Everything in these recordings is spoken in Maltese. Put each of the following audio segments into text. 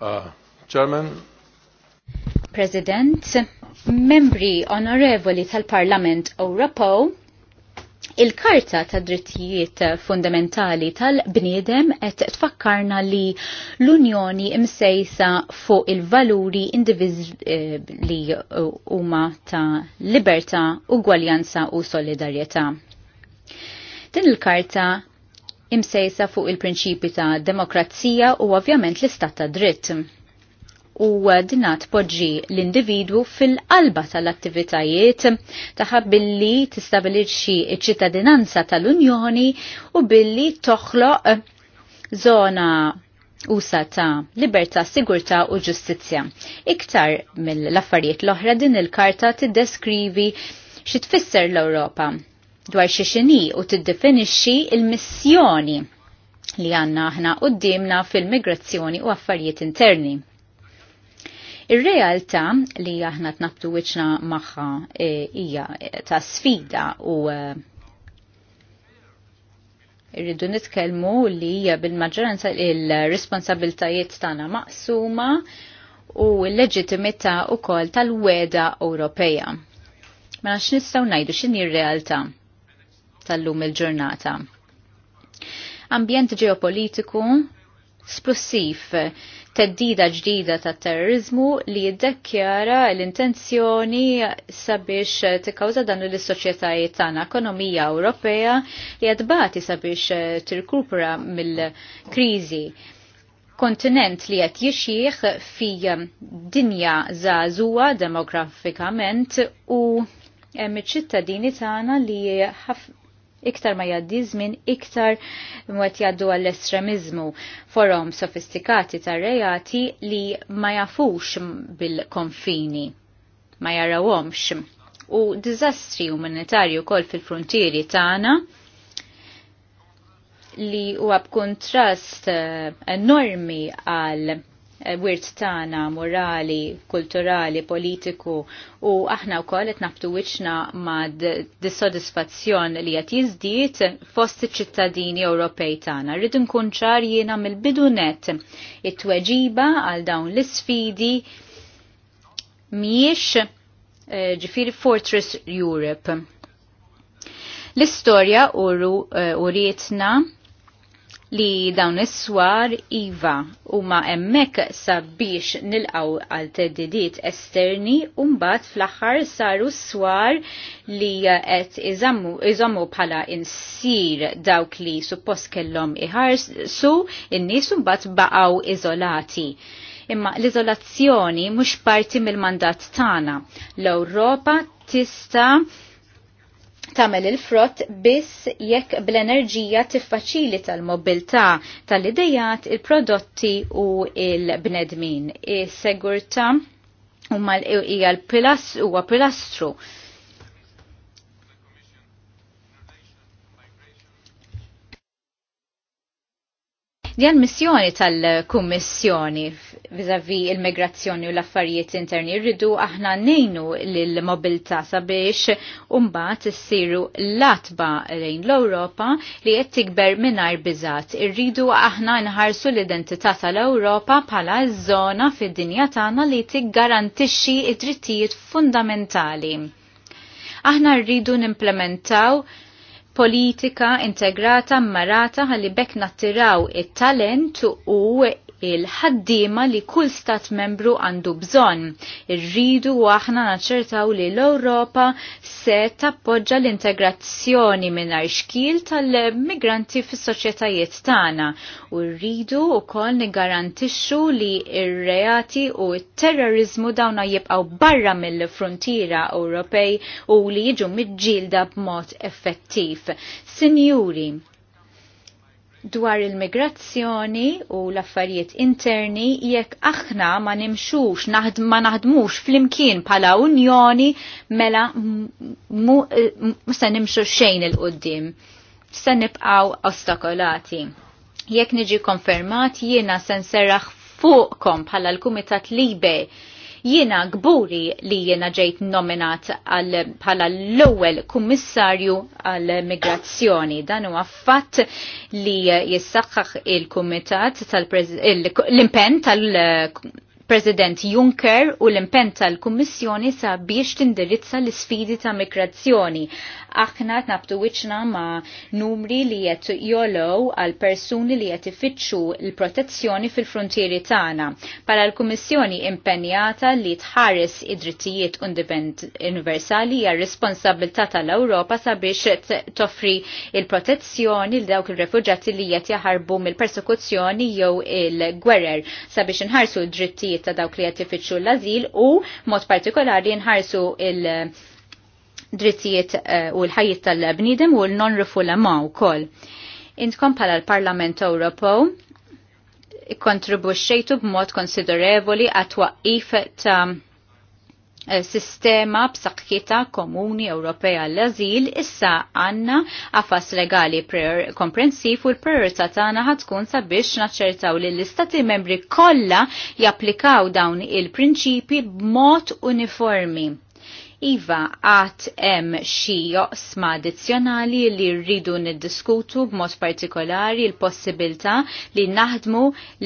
Uh, Chairman. President, membri onorevoli tal-Parlament Ewropew, Il-Karta ta' Drittijiet Fundamentali tal-Bniedem qed tfakkarna li l-Unjoni imsejsa fuq il-valuri indiviżli eh, huma ta' libertà, ugwaljanza u solidarjetà. Din il-karta imsejsa fuq il-prinċipi ta' demokrazija u ovvjament l-istat ta' dritt. U dinat poġġi l-individwu fil-qalba tal-attivitajiet taħab billi tistabilixxi ċ-ċittadinanza tal-Unjoni u billi toħloq zona usa ta' libertà, sigurtà u ġustizzja. Iktar mill-affarijiet l-oħra din il-karta tiddeskrivi xi tfisser l-Ewropa dwar xiexini u tiddefinixxi il-missjoni li għanna aħna d-dimna fil-migrazzjoni u affarijiet interni. Ir-realtà li aħna tnabtu wiċna magħha e, hija ta' sfida u e, irridu nitkellmu li hija bil-maġġoranza il-responsabiltajiet tagħna maqsuma u l leġittimità wkoll tal-weda Ewropea. Ma nix nistgħu ngħidu x'inhi r-realtà tal-lum il-ġurnata. Ambjent ġeopolitiku splussiv teddida ġdida ta' terrorizmu li jiddekjara l-intenzjoni sabiex tikkawża dan l-soċjetajiet tagħna ekonomija Ewropea li jadbati sabiex tirkupra mill-kriżi kontinent li qed jixiex fi dinja zazua demografikament u emmi iċ-ċittadini tagħna li Iktar ma jaddi żmien, iktar mwet jaddu għall-estremizmu forom sofistikati tar-rejati li ma jafux bil-konfini, ma jarawomx. U diżastri umanitarju kol fil-frontieri tagħna li huwa kontrast eh, enormi għal Eh, wirt tagħna morali, kulturali, politiku u aħna wkoll qed naftu wiċna ma' dissodisfazzjon li qed jizdiet fost ċittadini Ewropej tagħna. Rridu nkun ċar jiena mill-bidu net it-tweġiba għal dawn l-isfidi miex eh, ġifiri Fortress Europe. L-istorja u eh, rietna uh, li dawn is-swar iva huma hemmhekk sabiex nilqaw għal teddidiet esterni u mbagħad fl-aħħar saru s swar li qed iżommu bħala insir dawk li suppost kellhom iħarsu in-nies u mbagħad baqgħu iżolati imma l-izolazzjoni mhux parti mill-mandat tagħna. L-Ewropa tista' tamel il-frott biss jekk bl-enerġija tiffaċilita l-mobilità tal-idejat, il-prodotti u il-bnedmin. Is-segurta mal hija l-pilastru Di għal-missjoni tal-Kummissjoni vizavi il-migrazzjoni u l-affarijiet interni rridu aħna nejnu l-mobilta sabiex umbat siru latba lejn l-Europa li qed tikber minar biżat. Irridu aħna nħarsu l-identità tal-Europa bħala żona fid-dinja tagħna li tiggarantixxi id-drittijiet fundamentali. Aħna rridu nimplementaw implementaw politika integrata mmarata għalli bekk nattiraw it-talent u il-ħaddima li kull stat membru għandu bżonn. Irridu u aħna naċċertaw li l-Ewropa se tappoġġa l-integrazzjoni mingħajr arxkil tal-migranti fis-soċjetajiet tagħna u rridu wkoll niggarantixxu li r-reati u t-terrorizmu dawna jibqgħu barra mill-frontiera Ewropej u li jiġu miġġielda b'mod effettiv. Sinjuri, dwar il-migrazzjoni u l-affarijiet interni jekk aħna ma nimxux, naħd, ma naħdmux fl-imkien pala unjoni mela eh, se nimxu xejn il-qoddim. Se nibqaw ostakolati. Jekk niġi konfermat jiena se nserraħ fuqkom bħala l-Kumitat Libe Jiena gburi li jiena ġejt nominat bħala l-ewwel kummissarju għal migrazzjoni. Dan huwa fatt li jissaħħaħ il-kumitat tal-impenn tal-, -prez, President Juncker u l-impenn tal-Kummissjoni sabiex tindirizza l-isfidi ta' migrazzjoni. Aħna tnabtu wiċna ma' numri li qed jolow għal persuni li qed ifittxu l-protezzjoni fil-frontieri tagħna. Pala l-Kummissjoni impenjata li tħares id-drittijiet universali hija responsabilità tal-Ewropa sabiex toffri il-protezzjoni l dawk il refugġati li qed jaħarbu mill-persekuzzjoni jew il-gwerer sabiex inħarsu id drittijiet drittijiet ta' dawk li qed ifittxu l-azil u mod partikolari nħarsu il- drittijiet eh, u l-ħajjiet tal-bnidem u l-non-refulama u kol. Intkom pala l-Parlament Ewropew kontribuxxejtu b'mod konsiderevoli għat-twaqqif ta' Eh, sistema b'saqħita komuni Ewropea l-azil issa għanna għafas legali komprensiv u l-priorità tagħna ħatkun sabiex naċċertaw li l-istati membri kollha japplikaw dawn il-prinċipi b'mod uniformi. Iva għat hemm xi joqsma addizzjonali li rridu niddiskutu b'mod partikolari l-possibilità li naħdmu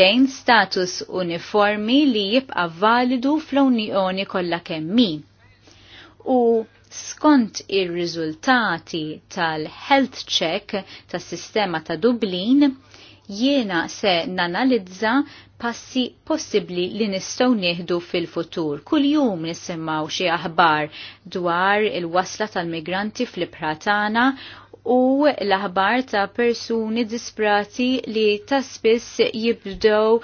lejn status uniformi li jibqa' validu fl-Unjoni kollha kemmi. U skont ir-riżultati tal-health check tas-sistema ta' Dublin, jiena se nanalizza passi possibli li nistgħu nieħdu fil-futur. Kuljum nisimmaw xi aħbar dwar il-wasla tal-migranti fl pratana tagħna u l-aħbar ta' persuni disprati li ta' spiss jibdew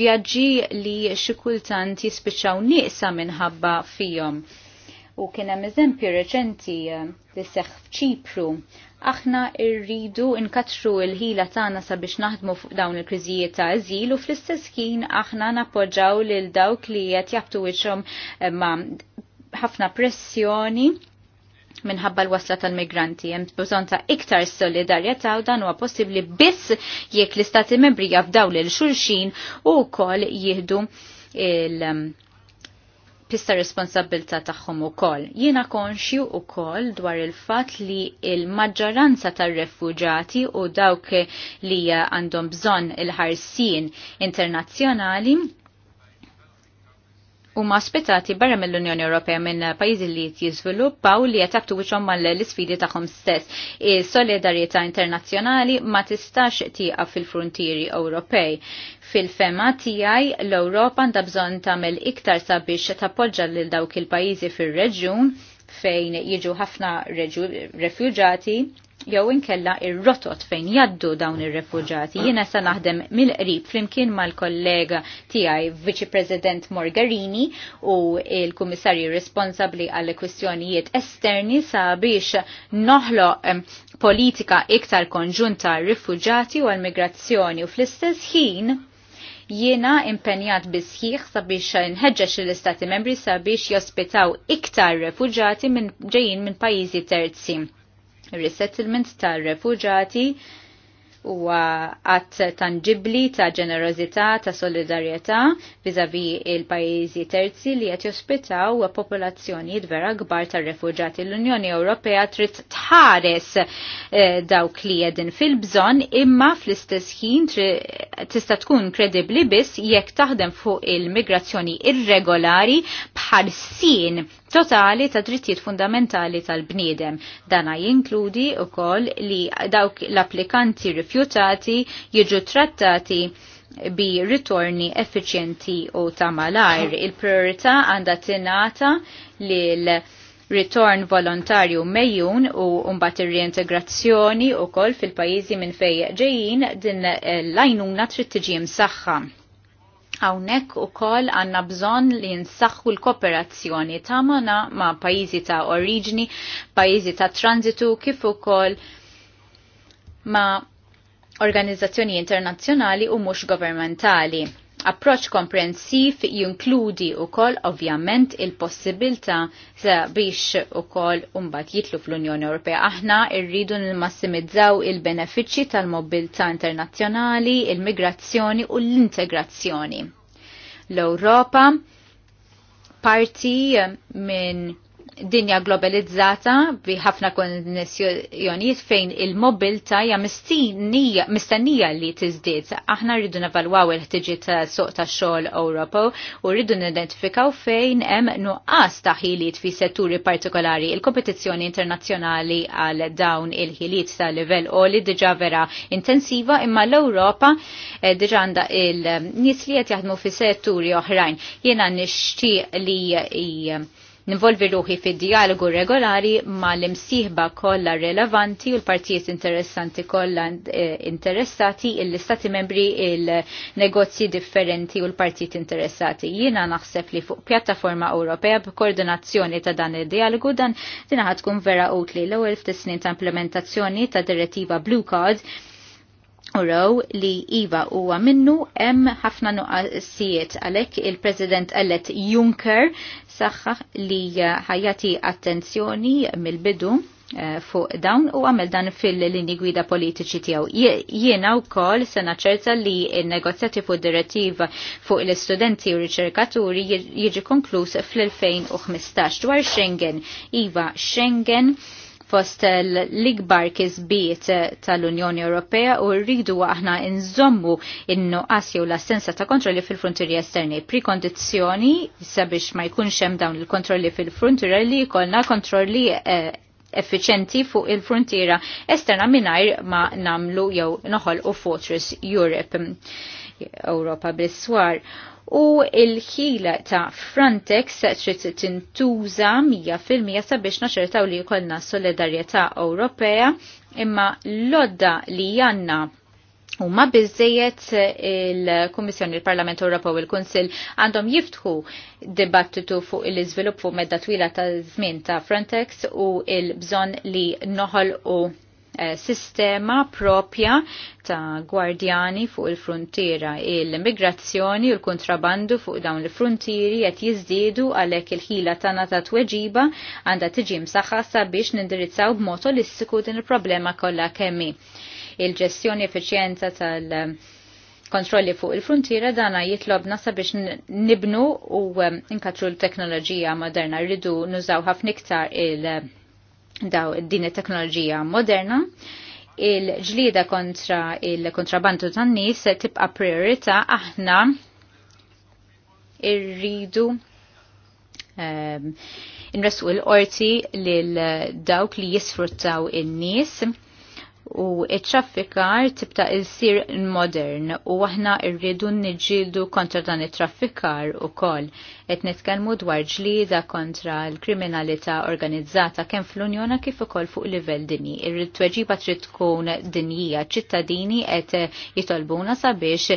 vjaġġi li xikultanti spiċaw nieqsa minħabba fihom u kien hemm eżempju reċenti eh, li seħħ f'Ċipru. Aħna rridu nkatru l-ħila tagħna sabiex naħdmu fuq dawn il-kriżijiet ta' eżil u fl-istess kien aħna nappoġġaw lil dawk li qed jabtu wiċċhom eh, ma' ħafna pressjoni minħabba l-wasla tal-migranti. Hemm bżonn ta' iktar solidarjetà u dan huwa possibbli biss jekk l-istati membri jafdaw lil xulxin u wkoll jieħdu il- pista responsabilta tagħhom ukoll. Jiena konxju ukoll dwar il-fatt li il-maġġoranza tar-refuġati u dawk li għandhom bżonn il-ħarsin internazzjonali huma ospitati barra mill-Unjoni Ewropea minn pajjiżi li jiżviluppaw li jattabtu wiċċhom mal-isfidi tagħhom stess. Is-solidarjetà internazzjonali ma tistax tieqa fil-frontieri Ewropej. Fil-fema tiegħi l-Ewropa għandha bżonn tagħmel iktar sabiex tappoġġa lil dawk il-pajjiżi fir-reġjun fejn jiġu ħafna refuġati jew inkella ir-rotot fejn jaddu dawn ir-refuġati. Jiena sa naħdem mill-qrib flimkien mal-kollega tiegħi Viċi President Morgarini u il-Kummissarju responsabbli għall kwistjonijiet esterni sabiex noħlo politika iktar konġunta rifuġati u għal-migrazzjoni u fl-istess ħin jiena impenjat bisħiħ sabiex nħeġġeġ l-istati membri sabiex jospitaw iktar rifuġati minn ġejjin minn pajjiżi terzi. Resettlement tal refugjati huwa għat tangibli ta' ġenerozità ta' solidarjetà vizavi il-pajjiżi terzi li qed jospitaw popolazzjonijiet vera kbar ta' refugjati L-Unjoni Ewropea trid tħares eh, dawk li jedin fil-bżonn imma fl-istess ħin tista' tkun kredibbli biss jekk taħdem fuq il-migrazzjoni irregolari bħal sin totali ta' drittijiet fundamentali tal-bniedem. Dana jinkludi u koll li dawk l-applikanti rifjutati jiġu trattati bi ritorni effiċjenti u ta' malajr. Il-priorità għandha tingħata lil ritorn volontarju mejjun u mbagħad ir-reintegrazzjoni wkoll fil-pajjiżi minn fejn ġejjin din l-għajnuna trid tiġi msaħħa. Hawnhekk ukoll għandna bżonn li nsaħħu l-kooperazzjoni tagħna ma' pajjiżi ta' oriġini, pajjiżi ta' transitu kif ukoll ma' organizzazzjoni internazzjonali u mhux governmentali approċ komprensiv jinkludi u kol ovvjament il-possibilta biex u kol umbat jitlu fl-Unjoni Ewropea. Aħna irridu n-massimizzaw il-benefiċi tal-mobilta internazzjonali, il-migrazzjoni u l-integrazzjoni. L-Europa parti minn dinja globalizzata bi ħafna konnessjonijiet fejn il-mobilta hija mistennija li tiżdied. Aħna rridu nevalwaw il-ħtiġiet ta' suq ta' xogħol Ewropo u rridu nidentifikaw fejn hemm nuqqas ta' ħiliet fi setturi partikolari. Il-kompetizzjoni internazzjonali għal dawn il-ħiliet ta' livell oli diġà vera intensiva imma l-Ewropa eh, diġà għandha il-nies li qed jaħdmu fi setturi oħrajn. Jiena nixtieq li Ninvolvi ruħi fid-dialogu regolari ma l-imsieħba kollha relevanti u l-partijiet interessanti kollha eh, interessati il-Stati membri il-negozji differenti u l-partijiet interessati. Jiena naħseb li fuq pjattaforma Ewropea b'koordinazzjoni ta' dan id-dialogu dan dinaħat tkun vera utli l-ewwel f'tis snin ta' implementazzjoni ta' direttiva Blue Card uraw li Iva huwa minnu hemm ħafna nuqqasijiet għalhekk il-President elett Juncker saħħaħ li ħajati attenzjoni mill-bidu eh, fuq dawn u għamel dan fil-lini gwida politiċi tijaw. Jiena u kol sena ċerta li il-negozjati fuq direttiva fuq l-studenti u riċerkaturi jieġi konklus fl-2015 dwar Schengen. Iva, Schengen fost l-ikbar kisbiet eh, tal-Unjoni Ewropea u rridu aħna nżommu in-nuqqas jew l-assenza ta' kontrolli fil-frontieri esterni. Prikondizzjoni sabiex ma jkunx hemm dawn il-kontrolli fil-frontieri li jkollna kontrolli eh, effiċenti fuq il-frontiera esterna mingħajr ma namlu jew noħol u Fortress Europe Europa bis-swar u il-ħila ta' Frontex trid tintuża 100% sabiex naċertaw li jkollna solidarjetà Ewropea imma l-odda li għandna Umma bizzejet il komissjoni il-Parlament Ewropew, il-Kunsil għandhom jiftħu dibattitu fuq il izvilupp fuq medda twila ta' żmien ta' Frontex u il-bżonn li noħol u eh, sistema propja ta' gwardjani fuq il-frontiera. Il-migrazzjoni u l-kontrabandu fuq dawn il-frontieri qed jiżdiedu għalhekk il-ħila tagħna ta' tweġiba għandha tiġi msaħħa sabiex nindirizzaw b'mod holistiku din il-problema kollha kemmi il-ġestjoni effiċjenza tal- kontrolli fuq il-frontiera dana jitlobna sabiex nibnu u um, nkatru l-teknoloġija moderna rridu nużaw ħafna iktar il- daw din it-teknoloġija moderna il-ġlida kontra il-kontrabandu tan-nies tibqa' priorità aħna irridu um, nresqu l-qorti lil dawk li jisfruttaw in-nies u it-traffikar tibta il-sir modern u aħna irridu niġġieldu kontra dan it-traffikar u koll. Et nitkelmu dwar ġlida kontra l-kriminalità organizzata kemm fl-Unjona kif ukoll fuq livell dinji. Ir-tweġiba trid tkun dinjija ċittadini qed jitolbuna sabiex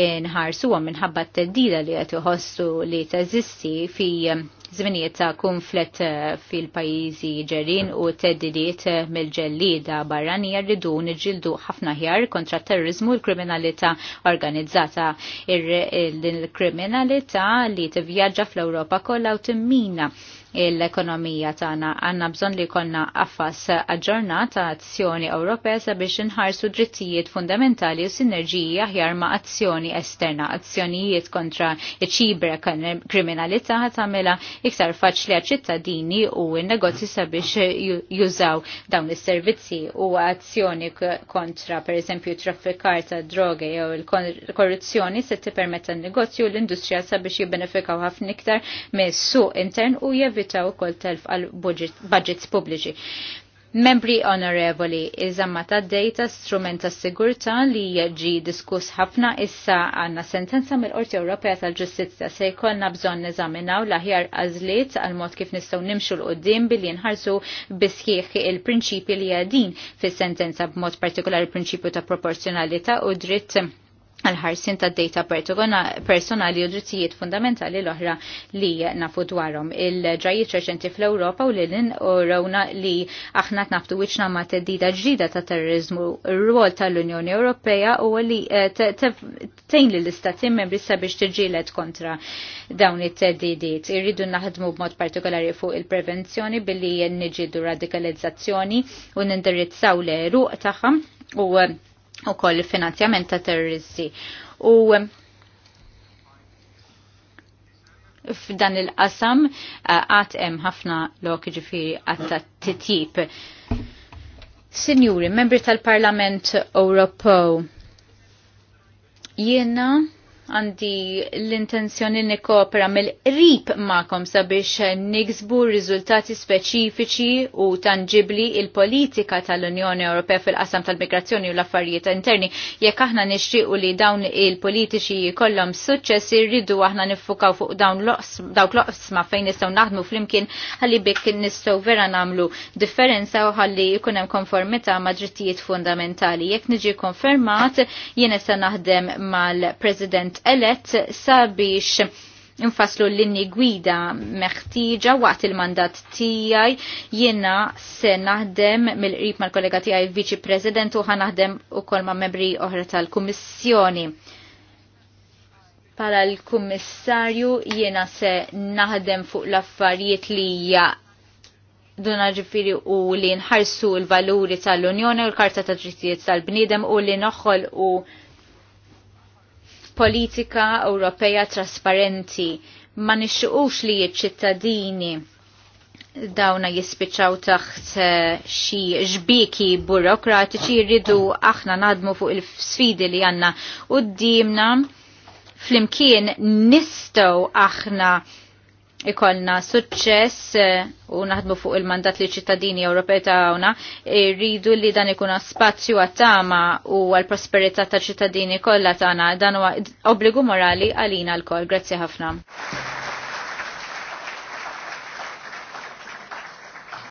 għam minħabba t-teddida li għati uħossu li teżisti fi eh, zminiet ta' konflett eh, fil-pajizi ġerin u t teddidiet eh, mill-ġellida barranija rridu nġildu ħafna ħjar kontra terrorizmu u l-kriminalità organizzata. Il-kriminalità li t-vjaġġa fl-Europa kollha u mina l-ekonomija tagħna. Għandna bżonn li jkollna qafas aġġornata azzjoni Ewropea sabiex inħarsu drittijiet fundamentali u sinerġiji aħjar ma' azzjoni esterna, azzjonijiet kontra ċiber kriminalità tagħmilha iktar faċli għaċ-ċittadini u n-negozji sabiex jużaw dawn is-servizzi u azzjoni kontra pereżempju traffikar ta' droga jew il-korruzzjoni se tippermetta n-negozju l-industrija sabiex jibbenefikaw ħafna iktar mis-suq intern u jevi evitaw ukoll telf għal budgets publiċi. Membri onorevoli, iżamma ta' data strument ta' sigurta li jieġi diskuss ħafna issa għanna sentenza mill-Qorti Ewropea tal-Ġustizja se jkollna bżonn neżaminaw l-aħjar għażliet għal mod kif nistgħu nimxu l-qudiem billi nħarsu bisħieħ il-prinċipji li għadin fis-sentenza b'mod partikolari prinċipju ta' proporzjonalità u dritt għal-ħarsin ta' data personali u drittijiet fundamentali l-oħra li nafu dwarhom. Il-ġajiet reċenti fl-Ewropa u l-lin u rawna li aħna naftu wiċna ma' t-dida ġdida ta' terrorizmu. R-rwol tal-Unjoni Ewropea u li eh, tejn li l-istati membri sabiex tiġilet kontra dawn it-teddidiet. Irridu naħdmu b'mod partikolari fuq il-prevenzjoni billi nġidu radikalizzazzjoni u nindirizzaw l-eruq taħħam u eh, u koll finanzjament ta' terroristi. U f'dan il-qasam eh, għat hemm ħafna lok ġifiri għatta titjib. Sinjuri, membri tal-Parlament Ewropew, jiena għandi l-intenzjoni nikopra mill-qrib ma'kom sabiex niksbu riżultati speċifiċi u tangibli il-politika tal-Unjoni Ewropea fil-qasam tal-migrazzjoni u l-affarijiet interni. Jekk aħna nixtiequ li dawn il-politiċi jkollhom suċċess irridu aħna niffukaw fuq dawn dawk oqsma fejn nistgħu naħdmu flimkien ħalli bekk nistgħu vera nagħmlu differenza u ħalli jkun hemm konformità ma' drittijiet fundamentali. Jekk niġi konfermat, jien issa naħdem mal-President parlament elett sabiex infaslu l-linni gwida meħtieġa waqt il-mandat tijaj jena se naħdem mill-qrib mal-kollega tijaj viċi President u ħanaħdem u kol ma' membri oħra tal-kummissjoni. Pala l-kummissarju jena se naħdem fuq l-affarijiet li hija duna ġifiri u li nħarsu l-valuri tal-Unjoni u l-Karta ta' Drittijiet tal-Bniedem u li noħol u politika Ewropea trasparenti ma nixuqux li ċittadini dawna jispiċaw taħt eh, xi ġbiki burokratiċi jridu aħna nadmu fuq il-sfidi li għanna u d-dimna fl-imkien nistaw aħna ikolna suċċess eh, u naħdmu fuq il-mandat li ċittadini Ewropej tagħna Rridu li dan ikun spazju għat-tama u għall-prosperità ta' ċittadini kollha tagħna dan huwa obbligu morali għalina l-kol. Grazzi ħafna.